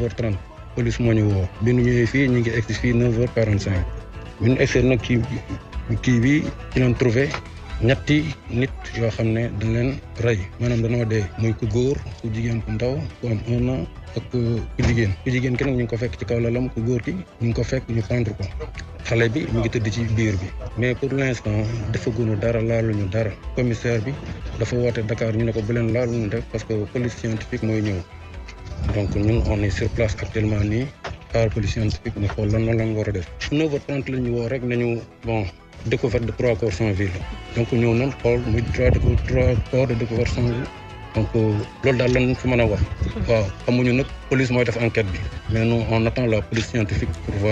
9h30 moo ñu woo bi ñu ñëwee fii ñu ngi egsi fii 9h45 bi ñu egsee nag kii kii bi ci leen trouvé ñetti nit yoo xam ne dañ leen rey maanaam dañoo dee muy ku góor ku jigéen ku ndaw ku am un ak ku jigéen ku jigéen ki nag ñu ngi ko fekk ci kaw lalam ku góor ki ñu ngi ko fekk ñu pendre ko xale bi mu ngi tëdd ci biir bi mais pour l'instant defaguñu dara laalu ñu dara commissaire bi dafa woote dakaar ñu ne ko bu leen laaluñu def parce que police scientifique mooy ñëw donc ñun on est sur place actuellement nii par police scientifique ñu xool lan la ñu war a def. 9h30 la ñu woo rek nañu bon découverte de trois corps sans vie la donc ñëw nañ xool muy trois trois corps de découverte sans vie donc euh, loolu daal lan fi mën a wax. Hmm. waaw amuñu nag police mooy def enquête bi. mais nous on attend la police scientifique pour